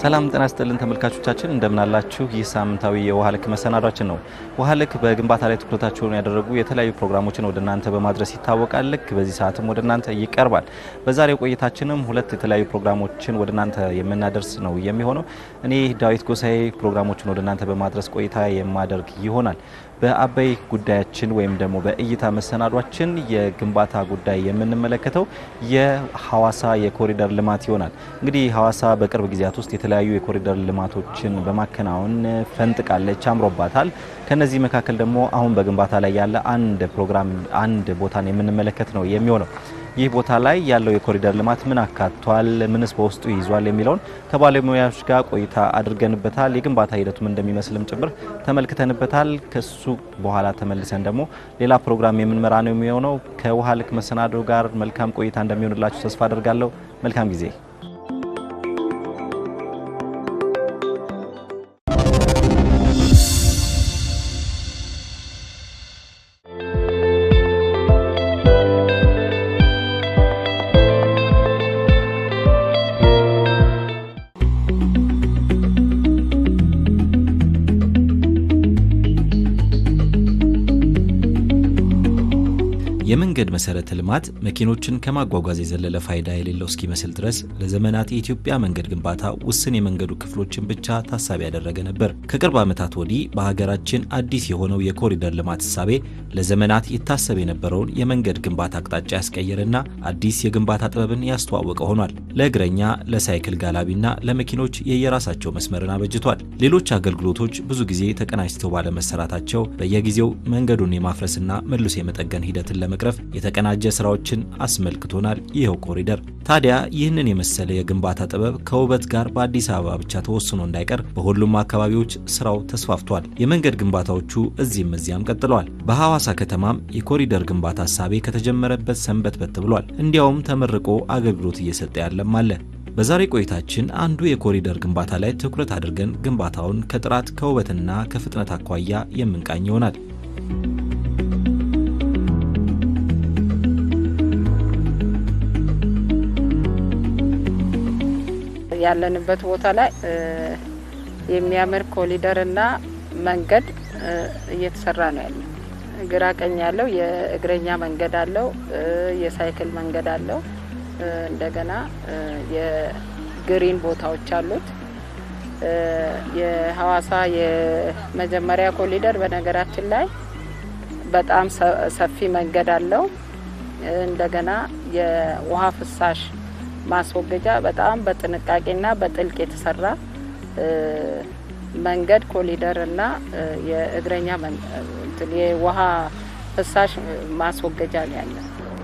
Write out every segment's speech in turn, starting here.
ሰላም ጤና ይስጥልን ተመልካቾቻችን፣ እንደምን አላችሁ? ይህ ሳምንታዊ የውሃ ልክ መሰናዷችን ነው። ውሃ ልክ በግንባታ ላይ ትኩረታቸውን ያደረጉ የተለያዩ ፕሮግራሞችን ወደ እናንተ በማድረስ ይታወቃል። ልክ በዚህ ሰዓትም ወደ እናንተ ይቀርባል። በዛሬው ቆይታችንም ሁለት የተለያዩ ፕሮግራሞችን ወደ እናንተ የምናደርስ ነው የሚሆነው። እኔ ዳዊት ጎሳዬ ፕሮግራሞችን ወደ እናንተ በማድረስ ቆይታ የማደርግ ይሆናል። በአበይ ጉዳያችን ወይም ደግሞ በእይታ መሰናዷችን የግንባታ ጉዳይ የምንመለከተው የሀዋሳ የኮሪደር ልማት ይሆናል። እንግዲህ ሀዋሳ በቅርብ ጊዜያት ውስጥ የተለያዩ የኮሪደር ልማቶችን በማከናወን ፈንጥቃለች፣ አምሮባታል። ከነዚህ መካከል ደግሞ አሁን በግንባታ ላይ ያለ አንድ ፕሮግራም አንድ ቦታን የምንመለከት ነው የሚሆነው ይህ ቦታ ላይ ያለው የኮሪደር ልማት ምን አካቷል፣ ምንስ በውስጡ ይዟል የሚለውን ከባለሙያዎች ጋር ቆይታ አድርገንበታል። የግንባታ ሂደቱ ምን እንደሚመስልም ጭምር ተመልክተንበታል። ከሱ በኋላ ተመልሰን ደግሞ ሌላ ፕሮግራም የምንመራ ነው የሚሆነው። ከውሃ ልክ መሰናዶ ጋር መልካም ቆይታ እንደሚሆንላችሁ ተስፋ አድርጋለሁ። መልካም ጊዜ የመንገድ መሰረተ ልማት መኪኖችን ከማጓጓዝ የዘለለ ፋይዳ የሌለው እስኪመስል ድረስ ለዘመናት የኢትዮጵያ መንገድ ግንባታ ውስን የመንገዱ ክፍሎችን ብቻ ታሳቢ ያደረገ ነበር። ከቅርብ ዓመታት ወዲህ በሀገራችን አዲስ የሆነው የኮሪደር ልማት እሳቤ ለዘመናት ይታሰብ የነበረውን የመንገድ ግንባታ አቅጣጫ ያስቀየረና አዲስ የግንባታ ጥበብን ያስተዋወቀ ሆኗል። ለእግረኛ፣ ለሳይክል ጋላቢና ለመኪኖች የየራሳቸው መስመርን አበጅቷል። ሌሎች አገልግሎቶች ብዙ ጊዜ ተቀናጅተው ባለመሰራታቸው በየጊዜው መንገዱን የማፍረስና መልሶ የመጠገን ሂደትን ለመቅረብ አቀፍ የተቀናጀ ስራዎችን አስመልክቶናል ይኸው ኮሪደር። ታዲያ ይህንን የመሰለ የግንባታ ጥበብ ከውበት ጋር በአዲስ አበባ ብቻ ተወስኖ እንዳይቀር በሁሉም አካባቢዎች ስራው ተስፋፍቷል። የመንገድ ግንባታዎቹ እዚህም እዚያም ቀጥለዋል። በሐዋሳ ከተማም የኮሪደር ግንባታ ሀሳቤ ከተጀመረበት በት ብሏል። እንዲያውም ተመርቆ አገልግሎት እየሰጠ ያለም አለ። በዛሬ ቆይታችን አንዱ የኮሪደር ግንባታ ላይ ትኩረት አድርገን ግንባታውን ከጥራት ከውበትና ከፍጥነት አኳያ የምንቃኝ ይሆናል። ያለንበት ቦታ ላይ የሚያምር ኮሊደር እና መንገድ እየተሰራ ነው ያለው። ግራ ቀኝ ያለው የእግረኛ መንገድ አለው፣ የሳይክል መንገድ አለው። እንደገና የግሪን ቦታዎች አሉት። የሀዋሳ የመጀመሪያ ኮሊደር በነገራችን ላይ በጣም ሰፊ መንገድ አለው። እንደገና የውሃ ፍሳሽ ማስወገጃ በጣም በጥንቃቄና በጥልቅ የተሰራ መንገድ ኮሊደር እና የእግረኛ የውሃ ፍሳሽ ማስወገጃ ነው ያለ።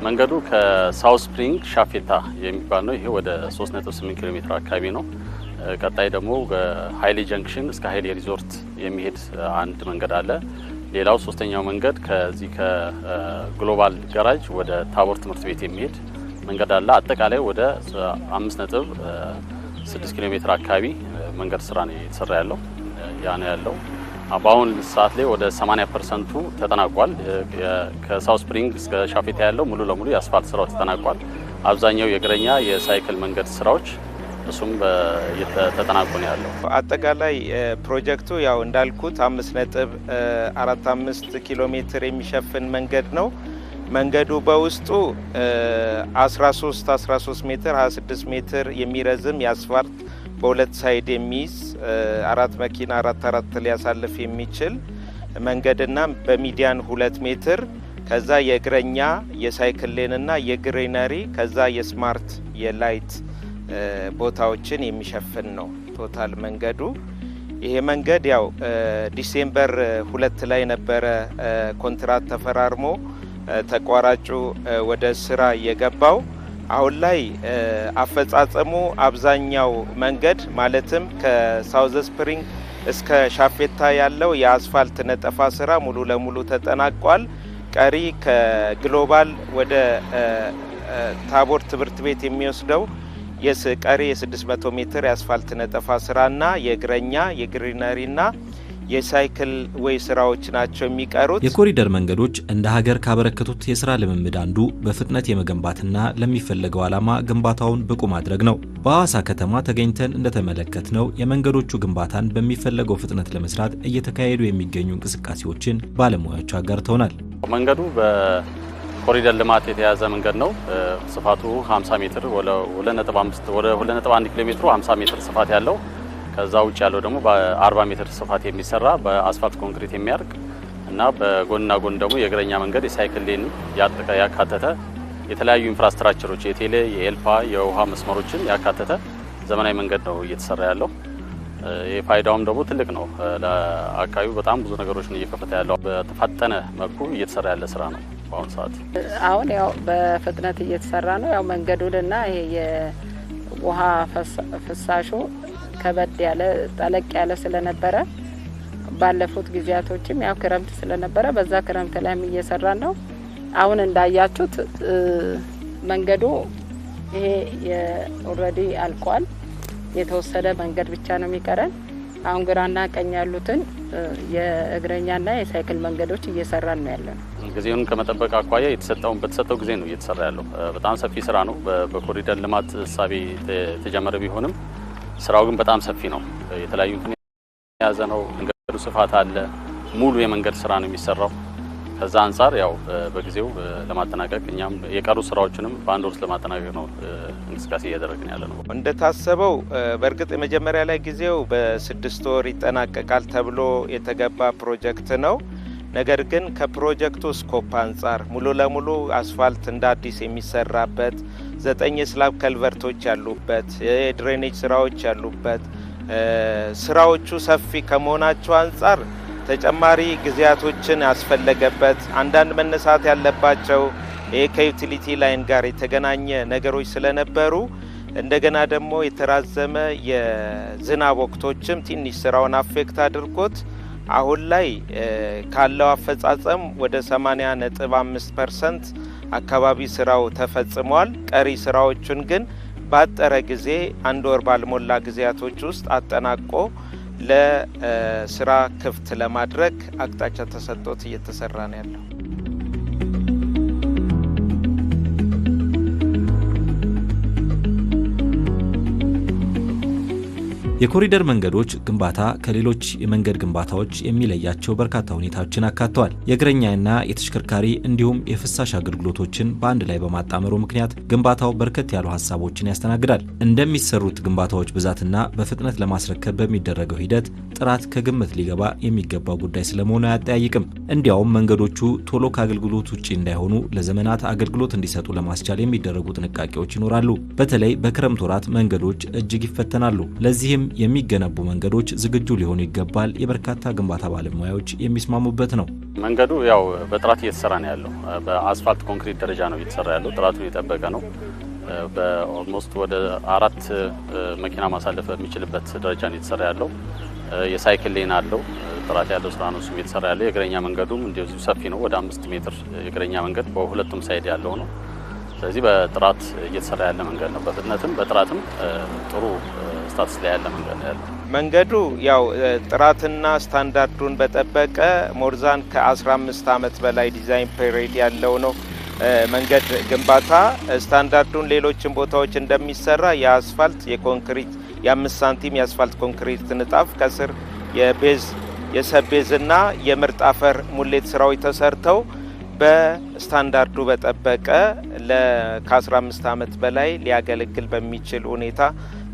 መንገዱ ከሳውት ስፕሪንግ ሻፌታ የሚባል ነው። ይሄ ወደ 3.8 ኪሎ ሜትር አካባቢ ነው። ቀጣይ ደግሞ በሀይሌ ጀንክሽን እስከ ሀይሌ ሪዞርት የሚሄድ አንድ መንገድ አለ። ሌላው ሶስተኛው መንገድ ከዚህ ከግሎባል ገራጅ ወደ ታቦር ትምህርት ቤት የሚሄድ መንገድ አለ። አጠቃላይ ወደ 5.6 ኪሎ ሜትር አካባቢ መንገድ ስራ ነው የተሰራ ያለው ያ ነው ያለው። በአሁን ሰዓት ላይ ወደ 80 ፐርሰንቱ ተጠናቋል። ከሳው ስፕሪንግ እስከ ሻፌታ ያለው ሙሉ ለሙሉ የአስፋልት ስራው ተጠናቋል። አብዛኛው የእግረኛ የሳይክል መንገድ ስራዎች እሱም ተጠናቆ ነው ያለው። አጠቃላይ ፕሮጀክቱ ያው እንዳልኩት አምስት ነጥብ አራት ኪሎ ሜትር የሚሸፍን መንገድ ነው። መንገዱ በውስጡ 13 13 ሜትር 26 ሜትር የሚረዝም የአስፋልት በሁለት ሳይድ የሚይዝ አራት መኪና አራት አራት ሊያሳልፍ የሚችል መንገድና በሚዲያን ሁለት ሜትር ከዛ የእግረኛ የሳይክል የግሪነሪ ከዛ የስማርት የላይት ቦታዎችን የሚሸፍን ነው ቶታል መንገዱ። ይሄ መንገድ ያው ዲሴምበር ሁለት ላይ ነበረ ኮንትራት ተፈራርሞ ተቋራጩ ወደ ስራ የገባው። አሁን ላይ አፈጻጸሙ አብዛኛው መንገድ ማለትም ከሳውዝ ስፕሪንግ እስከ ሻፌታ ያለው የአስፋልት ነጠፋ ስራ ሙሉ ለሙሉ ተጠናቋል። ቀሪ ከግሎባል ወደ ታቦር ትምህርት ቤት የሚወስደው ቀሪ የ600 ሜትር የአስፋልት ነጠፋ ስራና የእግረኛ የግሪነሪና የሳይክል ወይ ስራዎች ናቸው የሚቀሩት። የኮሪደር መንገዶች እንደ ሀገር ካበረከቱት የስራ ልምምድ አንዱ በፍጥነት የመገንባትና ለሚፈለገው ዓላማ ግንባታውን ብቁ ማድረግ ነው። በሐዋሳ ከተማ ተገኝተን እንደተመለከትነው የመንገዶቹ ግንባታን በሚፈለገው ፍጥነት ለመስራት እየተካሄዱ የሚገኙ እንቅስቃሴዎችን ባለሙያዎች አጋርተውናል። መንገዱ ኮሪደር ልማት የተያዘ መንገድ ነው። ስፋቱ 50 ሜትር ወደ 2.1 ኪሎ ሜትሩ 50 ሜትር ስፋት ያለው ከዛ ውጭ ያለው ደግሞ በ40 ሜትር ስፋት የሚሰራ በአስፋልት ኮንክሪት የሚያርቅ እና በጎንና ጎን ደግሞ የእግረኛ መንገድ የሳይክል ሌን ያካተተ የተለያዩ ኢንፍራስትራክቸሮች የቴሌ፣ የኤልፓ፣ የውሃ መስመሮችን ያካተተ ዘመናዊ መንገድ ነው እየተሰራ ያለው። የፋይዳውም ደግሞ ትልቅ ነው። ለአካባቢው በጣም ብዙ ነገሮችን እየከፈተ ያለው በተፋጠነ መልኩ እየተሰራ ያለ ስራ ነው። በአሁኑ ሰዓት አሁን ያው በፍጥነት እየተሰራ ነው። ያው መንገዱንና ይሄ የውሃ ፍሳሹ ከበድ ያለ ጠለቅ ያለ ስለነበረ ባለፉት ጊዜያቶችም ያው ክረምት ስለነበረ በዛ ክረምት ላይም እየሰራን ነው። አሁን እንዳያችሁት መንገዱ ይሄ ኦልሬዲ አልቋል። የተወሰደ መንገድ ብቻ ነው የሚቀረን። አሁን ግራና ቀኝ ያሉትን የእግረኛና የሳይክል መንገዶች እየሰራን ነው ያለ ነው። ጊዜውን ከመጠበቅ አኳያ የተሰጠውን በተሰጠው ጊዜ ነው እየተሰራ ያለው። በጣም ሰፊ ስራ ነው። በኮሪደር ልማት እሳቤ የተጀመረ ቢሆንም ስራው ግን በጣም ሰፊ ነው። የተለያዩ ምክንያት የያዘ ነው። መንገዱ ስፋት አለ። ሙሉ የመንገድ ስራ ነው የሚሰራው። ከዛ አንጻር ያው በጊዜው ለማጠናቀቅ እኛም የቀሩ ስራዎችንም በአንድ ወርስ ለማጠናቀቅ ነው እንቅስቃሴ እያደረግን ያለ ነው። እንደታሰበው በእርግጥ የመጀመሪያ ላይ ጊዜው በስድስት ወር ይጠናቀቃል ተብሎ የተገባ ፕሮጀክት ነው። ነገር ግን ከፕሮጀክቱ ስኮፕ አንጻር ሙሉ ለሙሉ አስፋልት እንደ አዲስ የሚሰራበት ዘጠኝ የስላብ ከልቨርቶች ያሉበት የድሬኔጅ ስራዎች ያሉበት ስራዎቹ ሰፊ ከመሆናቸው አንጻር ተጨማሪ ጊዜያቶችን ያስፈለገበት አንዳንድ መነሳት ያለባቸው ይህ ከዩቲሊቲ ላይን ጋር የተገናኘ ነገሮች ስለነበሩ እንደገና ደግሞ የተራዘመ የዝናብ ወቅቶችም ትንሽ ስራውን አፌክት አድርጎት አሁን ላይ ካለው አፈጻጸም ወደ 80 ነጥብ 5 ፐርሰንት አካባቢ ስራው ተፈጽሟል። ቀሪ ስራዎቹን ግን ባጠረ ጊዜ አንድ ወር ባልሞላ ጊዜያቶች ውስጥ አጠናቆ ለስራ ክፍት ለማድረግ አቅጣጫ ተሰጥቶት እየተሰራ ነው ያለው። የኮሪደር መንገዶች ግንባታ ከሌሎች የመንገድ ግንባታዎች የሚለያቸው በርካታ ሁኔታዎችን አካተዋል። የእግረኛና የተሽከርካሪ እንዲሁም የፍሳሽ አገልግሎቶችን በአንድ ላይ በማጣመሩ ምክንያት ግንባታው በርከት ያሉ ሀሳቦችን ያስተናግዳል። እንደሚሰሩት ግንባታዎች ብዛትና በፍጥነት ለማስረከብ በሚደረገው ሂደት ጥራት ከግምት ሊገባ የሚገባው ጉዳይ ስለመሆኑ አያጠያይቅም። እንዲያውም መንገዶቹ ቶሎ ከአገልግሎት ውጭ እንዳይሆኑ ለዘመናት አገልግሎት እንዲሰጡ ለማስቻል የሚደረጉ ጥንቃቄዎች ይኖራሉ። በተለይ በክረምት ወራት መንገዶች እጅግ ይፈተናሉ። ለዚህም የሚገነቡ መንገዶች ዝግጁ ሊሆኑ ይገባል። የበርካታ ግንባታ ባለሙያዎች የሚስማሙበት ነው። መንገዱ ያው በጥራት እየተሰራ ነው ያለው። በአስፋልት ኮንክሪት ደረጃ ነው እየተሰራ ያለው። ጥራቱን የጠበቀ ነው። በኦልሞስት ወደ አራት መኪና ማሳለፍ በሚችልበት ደረጃ ነው የተሰራ ያለው። የሳይክል ሌን አለው። ጥራት ያለው ስራ ነው እሱም የተሰራ ያለው። የእግረኛ መንገዱም እንደዚሁ ሰፊ ነው። ወደ አምስት ሜትር የእግረኛ መንገድ በሁለቱም ሳይድ ያለው ነው። ስለዚህ በጥራት እየተሰራ ያለ መንገድ ነው። በፍጥነትም በጥራትም ጥሩ ስታትስ ላይ ያለ መንገድ ነው ያለው። መንገዱ ያው ጥራትና ስታንዳርዱን በጠበቀ ሞርዛን ከ15 ዓመት በላይ ዲዛይን ፔሪድ ያለው ነው። መንገድ ግንባታ ስታንዳርዱን ሌሎችን ቦታዎች እንደሚሰራ የአስፋልት የኮንክሪት የአምስት ሳንቲም የአስፋልት ኮንክሪት ንጣፍ ከስር የቤዝ ና የምርጥ አፈር ሙሌት ስራዎች ተሰርተው በስታንዳርዱ በጠበቀ ከ15 ዓመት በላይ ሊያገለግል በሚችል ሁኔታ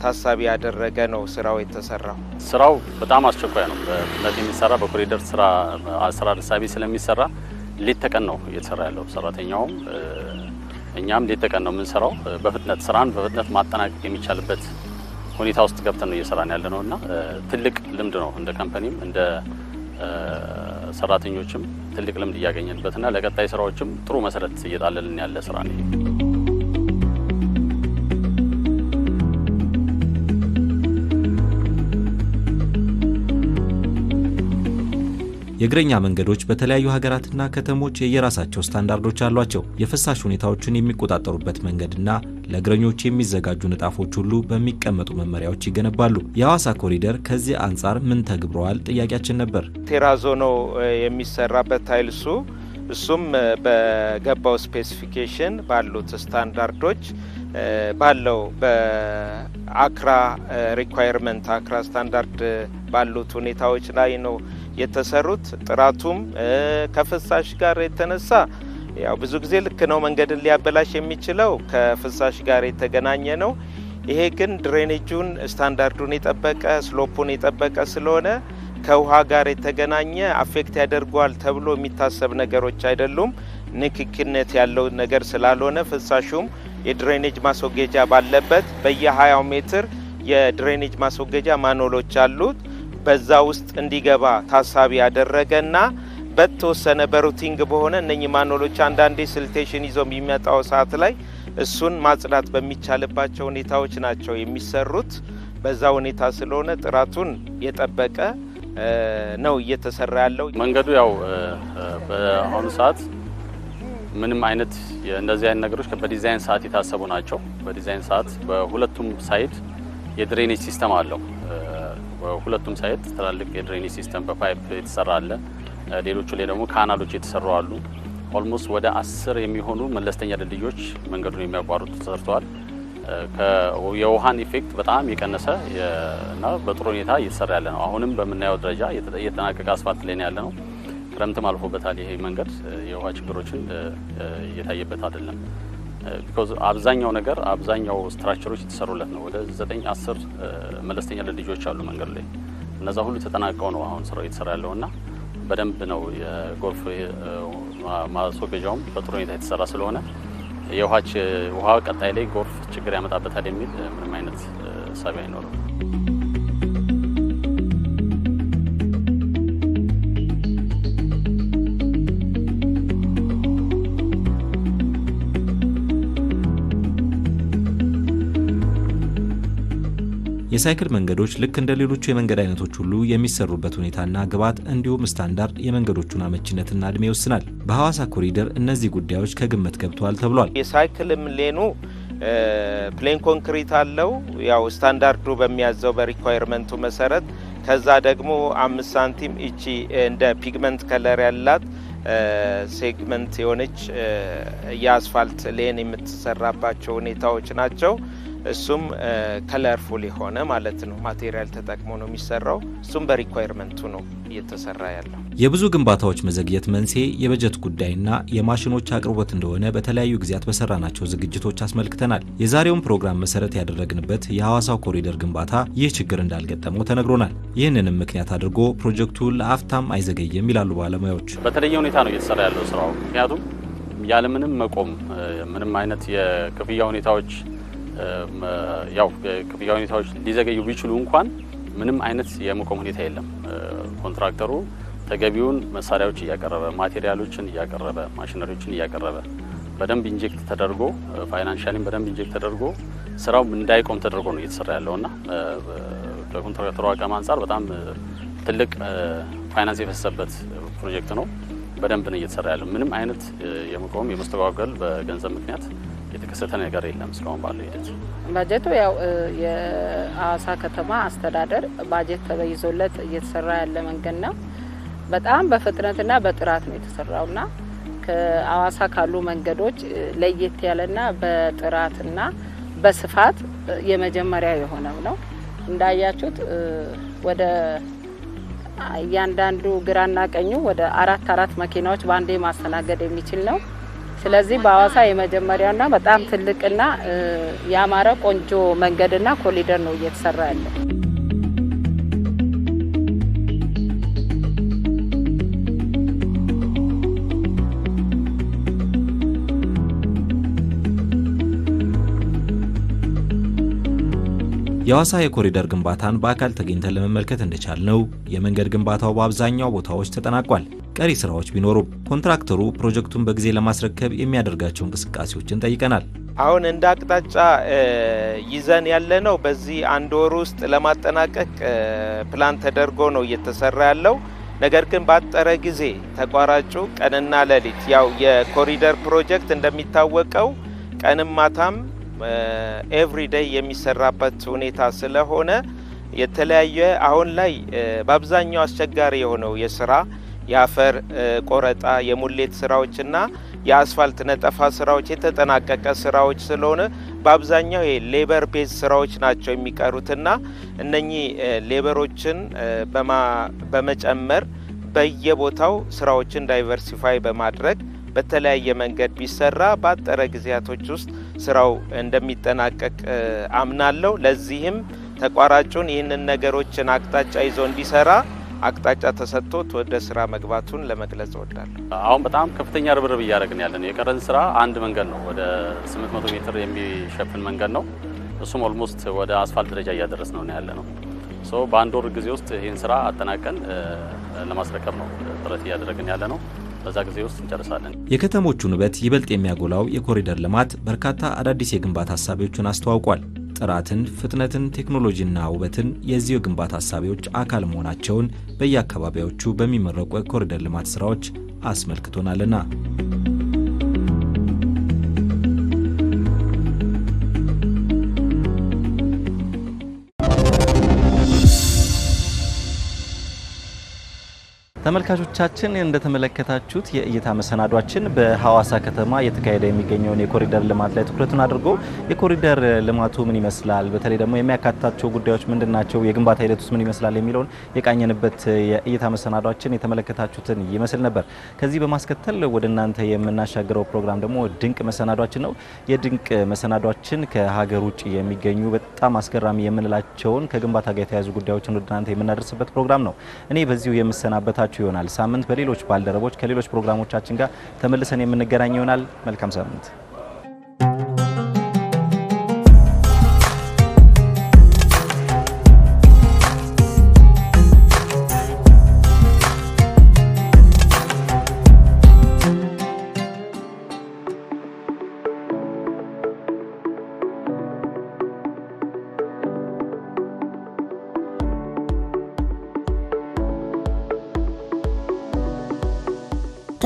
ታሳቢ ያደረገ ነው ስራው የተሰራው። ስራው በጣም አስቸኳይ ነው በፍጥነት የሚሰራ በኮሪደር ስራ አሰራር ሳቢ ስለሚሰራ ሌት ተቀን ነው እየተሰራ ያለው። ሰራተኛውም እኛም ሌት ተቀን ነው የምንሰራው። በፍጥነት ስራን በፍጥነት ማጠናቀቅ የሚቻልበት ሁኔታ ውስጥ ገብተን ነው እየሰራን ያለ ነው እና ትልቅ ልምድ ነው እንደ ካምፓኒም እንደ ሰራተኞችም ትልቅ ልምድ እያገኘንበትና ለቀጣይ ስራዎችም ጥሩ መሰረት እየጣለልን ያለ ስራ ነው። የእግረኛ መንገዶች በተለያዩ ሀገራትና ከተሞች የየራሳቸው ስታንዳርዶች አሏቸው። የፍሳሽ ሁኔታዎችን የሚቆጣጠሩበት መንገድና ለእግረኞች የሚዘጋጁ ንጣፎች ሁሉ በሚቀመጡ መመሪያዎች ይገነባሉ። የሐዋሳ ኮሪደር ከዚህ አንጻር ምን ተግብረዋል? ጥያቄያችን ነበር። ነው የሚሰራበት ታይልሱ እሱም በገባው ስፔሲፊኬሽን ባሉት ስታንዳርዶች ባለው በአክራ ሪኳየርመንት አክራ ስታንዳርድ ባሉት ሁኔታዎች ላይ ነው የተሰሩት። ጥራቱም ከፍሳሽ ጋር የተነሳ ያው ብዙ ጊዜ ልክ ነው መንገድን ሊያበላሽ የሚችለው ከፍሳሽ ጋር የተገናኘ ነው። ይሄ ግን ድሬኔጁን ስታንዳርዱን የጠበቀ ስሎፑን የጠበቀ ስለሆነ ከውሃ ጋር የተገናኘ አፌክት ያደርጓል ተብሎ የሚታሰብ ነገሮች አይደሉም። ንክክነት ያለው ነገር ስላልሆነ ፍሳሹም የድሬኔጅ ማስወገጃ ባለበት በየ20 ሜትር የድሬኔጅ ማስወገጃ ማኖሎች አሉት። በዛ ውስጥ እንዲገባ ታሳቢ ያደረገና በተወሰነ በሩቲንግ በሆነ እነኚህ ማኖሎች አንዳንዴ ስልቴሽን ይዞ የሚመጣው ሰዓት ላይ እሱን ማጽዳት በሚቻልባቸው ሁኔታዎች ናቸው የሚሰሩት። በዛ ሁኔታ ስለሆነ ጥራቱን የጠበቀ ነው እየተሰራ ያለው መንገዱ። ያው በአሁኑ ሰዓት ምንም አይነት እንደዚህ አይነት ነገሮች በዲዛይን ሰዓት የታሰቡ ናቸው። በዲዛይን ሰዓት በሁለቱም ሳይድ የድሬኔጅ ሲስተም አለው። በሁለቱም ሳይት ትላልቅ የድሬኔጅ ሲስተም በፓይፕ የተሰራ አለ። ሌሎቹ ላይ ደግሞ ካናሎች የተሰሩ አሉ። ኦልሞስት ወደ አስር የሚሆኑ መለስተኛ ድልድዮች መንገዱን የሚያቋርጡ ተሰርተዋል። የውሃን ኢፌክት በጣም የቀነሰ እና በጥሩ ሁኔታ እየተሰራ ያለ ነው። አሁንም በምናየው ደረጃ የተጠናቀቀ አስፋልት ላይ ያለ ነው። ክረምትም አልፎበታል። ይሄ መንገድ የውሃ ችግሮችን እየታየበት አይደለም። ቢኮዝ አብዛኛው ነገር አብዛኛው ስትራክቸሮች የተሰሩለት ነው። ወደ ዘጠኝ አስር መለስተኛ ልጆች አሉ መንገድ ላይ እነዛ ሁሉ ተጠናቀው ነው አሁን ስራው የተሰራ ያለው እና በደንብ ነው የጎርፍ ማስወገጃውም በጥሩ ሁኔታ የተሰራ ስለሆነ የውሃ ቀጣይ ላይ ጎርፍ ችግር ያመጣበታል የሚል ምንም አይነት ሳቢያ አይኖርም። የሳይክል መንገዶች ልክ እንደ ሌሎቹ የመንገድ አይነቶች ሁሉ የሚሰሩበት ሁኔታና ግብዓት እንዲሁም ስታንዳርድ የመንገዶቹን አመችነትና እድሜ ይወስናል። በሐዋሳ ኮሪደር እነዚህ ጉዳዮች ከግምት ገብተዋል ተብሏል። የሳይክልም ሌኑ ፕሌን ኮንክሪት አለው። ያው ስታንዳርዱ በሚያዘው በሪኳየርመንቱ መሰረት ከዛ ደግሞ አምስት ሳንቲም እቺ እንደ ፒግመንት ከለር ያላት ሴግመንት የሆነች የአስፋልት ሌን የምትሰራባቸው ሁኔታዎች ናቸው። እሱም ከለርፉል የሆነ ማለት ነው ማቴሪያል ተጠቅሞ ነው የሚሰራው። እሱም በሪኳይርመንቱ ነው እየተሰራ ያለው። የብዙ ግንባታዎች መዘግየት መንስኤ የበጀት ጉዳይና የማሽኖች አቅርቦት እንደሆነ በተለያዩ ጊዜያት በሰራናቸው ዝግጅቶች አስመልክተናል። የዛሬውን ፕሮግራም መሰረት ያደረግንበት የሐዋሳው ኮሪደር ግንባታ ይህ ችግር እንዳልገጠመው ተነግሮናል። ይህንንም ምክንያት አድርጎ ፕሮጀክቱ ለአፍታም አይዘገይም ይላሉ ባለሙያዎች። በተለየ ሁኔታ ነው እየተሰራ ያለው ስራው ምክንያቱም ያለምንም መቆም ምንም አይነት የክፍያ ሁኔታዎች ያው ክፍያ ሁኔታዎች ሊዘገዩ ቢችሉ እንኳን ምንም አይነት የመቆም ሁኔታ የለም። ኮንትራክተሩ ተገቢውን መሳሪያዎች እያቀረበ ማቴሪያሎችን እያቀረበ ማሽነሪዎችን እያቀረበ በደንብ ኢንጀክት ተደርጎ ፋይናንሻሊም በደንብ ኢንጀክት ተደርጎ ስራው እንዳይቆም ተደርጎ ነው እየተሰራ ያለውና ከኮንትራክተሩ አቅም አንጻር በጣም ትልቅ ፋይናንስ የፈሰሰበት ፕሮጀክት ነው። በደንብ ነው እየተሰራ ያለው። ምንም አይነት የመቆም የመስተጓጎል በገንዘብ ምክንያት የተከሰተ ነገር የለም እስካሁን ባለው ሂደት። ባጀቱ ያው የአዋሳ ከተማ አስተዳደር ባጀት ተበይዞለት እየተሰራ ያለ መንገድ ነው። በጣም በፍጥነትና በጥራት ነው የተሰራውና ከአዋሳ ካሉ መንገዶች ለየት ያለና በጥራትና በስፋት የመጀመሪያ የሆነው ነው። እንዳያችሁት ወደ እያንዳንዱ ግራና ቀኙ ወደ አራት አራት መኪናዎች በአንዴ ማስተናገድ የሚችል ነው። ስለዚህ በአዋሳ የመጀመሪያውና በጣም ትልቅና ያማረ ቆንጆ መንገድና ኮሊደር ነው እየተሰራ ያለው። የሐዋሳ የኮሪደር ግንባታን በአካል ተገኝተን ለመመልከት እንደቻልነው የመንገድ ግንባታው በአብዛኛው ቦታዎች ተጠናቋል። ቀሪ ስራዎች ቢኖሩም ኮንትራክተሩ ፕሮጀክቱን በጊዜ ለማስረከብ የሚያደርጋቸው እንቅስቃሴዎችን ጠይቀናል። አሁን እንደ አቅጣጫ ይዘን ያለነው በዚህ አንድ ወር ውስጥ ለማጠናቀቅ ፕላን ተደርጎ ነው እየተሰራ ያለው። ነገር ግን ባጠረ ጊዜ ተቋራጩ ቀንና ሌሊት ያው የኮሪደር ፕሮጀክት እንደሚታወቀው ቀንም ማታም ኤቭሪዴይ የሚሰራበት ሁኔታ ስለሆነ የተለያየ አሁን ላይ በአብዛኛው አስቸጋሪ የሆነው የስራ የአፈር ቆረጣ፣ የሙሌት ስራዎችና የአስፋልት ነጠፋ ስራዎች የተጠናቀቀ ስራዎች ስለሆነ በአብዛኛው የሌበር ቤዝ ስራዎች ናቸው የሚቀሩትና እነኚህ ሌበሮችን በመጨመር በየቦታው ስራዎችን ዳይቨርሲፋይ በማድረግ በተለያየ መንገድ ቢሰራ በአጠረ ጊዜያቶች ውስጥ ስራው እንደሚጠናቀቅ አምናለሁ። ለዚህም ተቋራጩን ይህንን ነገሮችን አቅጣጫ ይዞ እንዲሰራ አቅጣጫ ተሰጥቶት ወደ ስራ መግባቱን ለመግለጽ እወዳለሁ። አሁን በጣም ከፍተኛ ርብርብ እያደረግን ያለ ነው። የቀረን ስራ አንድ መንገድ ነው፣ ወደ 800 ሜትር የሚሸፍን መንገድ ነው። እሱም ኦልሞስት ወደ አስፋልት ደረጃ እያደረስ ነው ያለ ነው። በአንድ ወር ጊዜ ውስጥ ይህን ስራ አጠናቀን ለማስረከብ ነው ጥረት እያደረግን ያለ ነው። በዛ ጊዜ ውስጥ እንጨርሳለን። የከተሞቹን ውበት ይበልጥ የሚያጎላው የኮሪደር ልማት በርካታ አዳዲስ የግንባታ ሀሳቢዎችን አስተዋውቋል። ጥራትን፣ ፍጥነትን፣ ቴክኖሎጂና ውበትን የዚሁ የግንባታ ሀሳቢዎች አካል መሆናቸውን በየአካባቢዎቹ በሚመረቁ የኮሪደር ልማት ስራዎች አስመልክቶናልና ተመልካቾቻችን እንደተመለከታችሁት የእይታ መሰናዷችን በሐዋሳ ከተማ እየተካሄደ የሚገኘውን የኮሪደር ልማት ላይ ትኩረቱን አድርጎ የኮሪደር ልማቱ ምን ይመስላል፣ በተለይ ደግሞ የሚያካትታቸው ጉዳዮች ምንድን ናቸው፣ የግንባታ ሂደቱስ ምን ይመስላል የሚለውን የቃኘንበት የእይታ መሰናዷችን የተመለከታችሁትን ይመስል ነበር። ከዚህ በማስከተል ወደ እናንተ የምናሻገረው ፕሮግራም ደግሞ ድንቅ መሰናዷችን ነው። የድንቅ መሰናዷችን ከሀገር ውጭ የሚገኙ በጣም አስገራሚ የምንላቸውን ከግንባታ ጋር የተያያዙ ጉዳዮችን ወደ እናንተ የምናደርስበት ፕሮግራም ነው። እኔ በዚሁ የምሰናበታችሁ ይሆናል። ሳምንት በሌሎች ባልደረቦች ከሌሎች ፕሮግራሞቻችን ጋር ተመልሰን የምንገናኝ ይሆናል። መልካም ሳምንት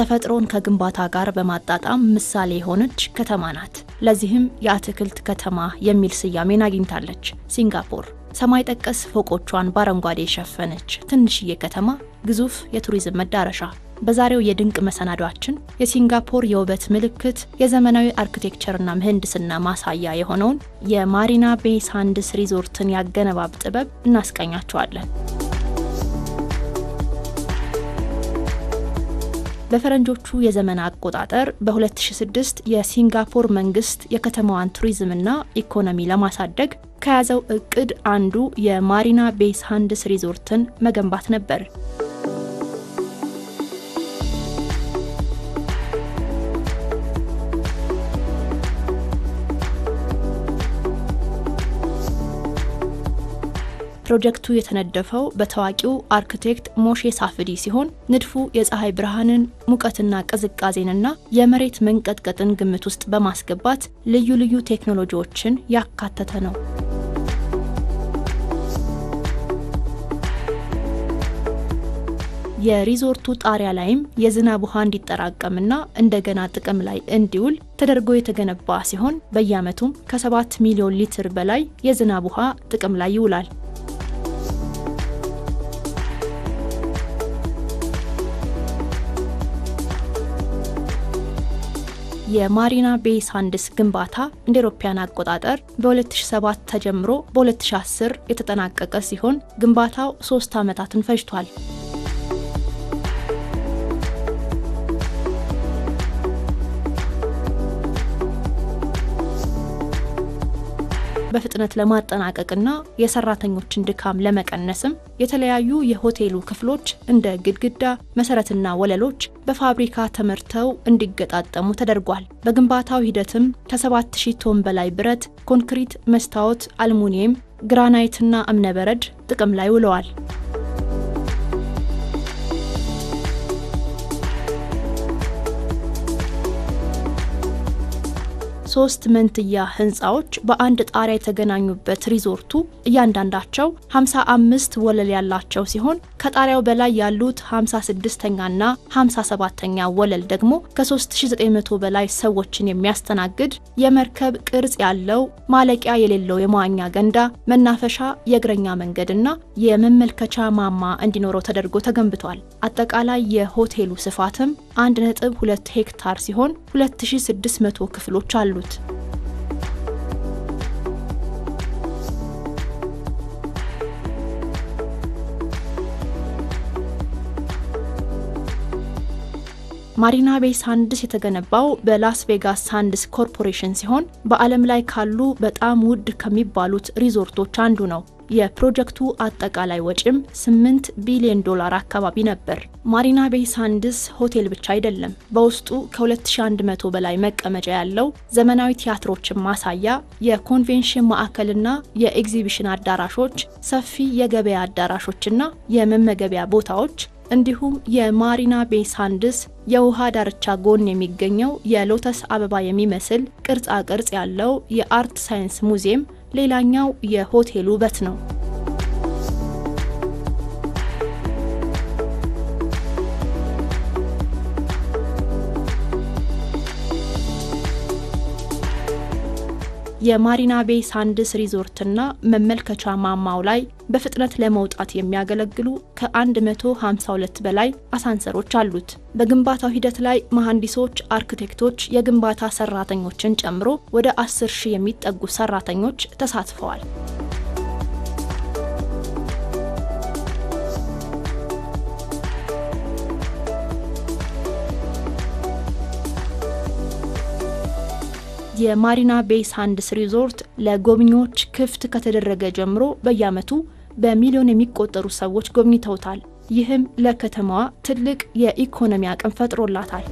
ተፈጥሮን ከግንባታ ጋር በማጣጣም ምሳሌ የሆነች ከተማ ናት። ለዚህም የአትክልት ከተማ የሚል ስያሜን አግኝታለች። ሲንጋፖር ሰማይ ጠቀስ ፎቆቿን በአረንጓዴ የሸፈነች ትንሽዬ ከተማ፣ ግዙፍ የቱሪዝም መዳረሻ። በዛሬው የድንቅ መሰናዷችን የሲንጋፖር የውበት ምልክት የዘመናዊ አርኪቴክቸርና ምህንድስና ማሳያ የሆነውን የማሪና ቤይ ሳንድስ ሪዞርትን ያገነባብ ጥበብ እናስቀኛቸዋለን። በፈረንጆቹ የዘመን አቆጣጠር በ2006 የሲንጋፖር መንግስት የከተማዋን ቱሪዝምና ኢኮኖሚ ለማሳደግ ከያዘው እቅድ አንዱ የማሪና ቤይ ሳንድስ ሪዞርትን መገንባት ነበር። ፕሮጀክቱ የተነደፈው በታዋቂው አርክቴክት ሞሼ ሳፍዲ ሲሆን ንድፉ የፀሐይ ብርሃንን፣ ሙቀትና ቅዝቃዜንና የመሬት መንቀጥቀጥን ግምት ውስጥ በማስገባት ልዩ ልዩ ቴክኖሎጂዎችን ያካተተ ነው። የሪዞርቱ ጣሪያ ላይም የዝናብ ውሃ እንዲጠራቀምና እንደገና ጥቅም ላይ እንዲውል ተደርጎ የተገነባ ሲሆን በየዓመቱም ከ7 ሚሊዮን ሊትር በላይ የዝናብ ውሃ ጥቅም ላይ ይውላል። የማሪና ቤይ ሳንድስ ግንባታ እንደ ኤሮፓያን አቆጣጠር በ2007 ተጀምሮ በ2010 የተጠናቀቀ ሲሆን ግንባታው ሶስት ዓመታትን ፈጅቷል። በፍጥነት ለማጠናቀቅና የሰራተኞችን ድካም ለመቀነስም የተለያዩ የሆቴሉ ክፍሎች እንደ ግድግዳ፣ መሰረትና ወለሎች በፋብሪካ ተመርተው እንዲገጣጠሙ ተደርጓል። በግንባታው ሂደትም ከ7000 ቶን በላይ ብረት፣ ኮንክሪት፣ መስታወት፣ አልሙኒየም፣ ግራናይትና እብነበረድ ጥቅም ላይ ውለዋል። ሶስት መንትያ ህንፃዎች በአንድ ጣሪያ የተገናኙበት ሪዞርቱ እያንዳንዳቸው 55 ወለል ያላቸው ሲሆን ከጣሪያው በላይ ያሉት 56ኛና 57ኛ ወለል ደግሞ ከ3900 በላይ ሰዎችን የሚያስተናግድ የመርከብ ቅርጽ ያለው ማለቂያ የሌለው የመዋኛ ገንዳ፣ መናፈሻ፣ የእግረኛ መንገድና የመመልከቻ ማማ እንዲኖረው ተደርጎ ተገንብቷል። አጠቃላይ የሆቴሉ ስፋትም 1.2 ሄክታር ሲሆን 2600 ክፍሎች አሉት። ማሪና ቤይ ሳንድስ የተገነባው በላስ ቬጋስ ሳንድስ ኮርፖሬሽን ሲሆን በዓለም ላይ ካሉ በጣም ውድ ከሚባሉት ሪዞርቶች አንዱ ነው። የፕሮጀክቱ አጠቃላይ ወጪም 8 ቢሊዮን ዶላር አካባቢ ነበር። ማሪና ቤይ ሳንድስ ሆቴል ብቻ አይደለም። በውስጡ ከ2100 በላይ መቀመጫ ያለው ዘመናዊ ቲያትሮችን ማሳያ፣ የኮንቬንሽን ማዕከልና የኤግዚቢሽን አዳራሾች፣ ሰፊ የገበያ አዳራሾችና የመመገቢያ ቦታዎች እንዲሁም የማሪና ቤይ ሳንድስ የውሃ ዳርቻ ጎን የሚገኘው የሎተስ አበባ የሚመስል ቅርጻ ቅርጽ ያለው የአርት ሳይንስ ሙዚየም ሌላኛው የሆቴሉ ውበት ነው። የማሪና ቤይ ሳንድስ ሪዞርትና መመልከቻ ማማው ላይ በፍጥነት ለመውጣት የሚያገለግሉ ከ152 በላይ አሳንሰሮች አሉት። በግንባታው ሂደት ላይ መሐንዲሶች፣ አርክቴክቶች፣ የግንባታ ሰራተኞችን ጨምሮ ወደ 10 ሺህ የሚጠጉ ሰራተኞች ተሳትፈዋል። የማሪና ቤይ ሳንድስ ሪዞርት ለጎብኚዎች ክፍት ከተደረገ ጀምሮ በየዓመቱ በሚሊዮን የሚቆጠሩ ሰዎች ጎብኝተውታል። ይህም ለከተማዋ ትልቅ የኢኮኖሚ አቅም ፈጥሮላታል።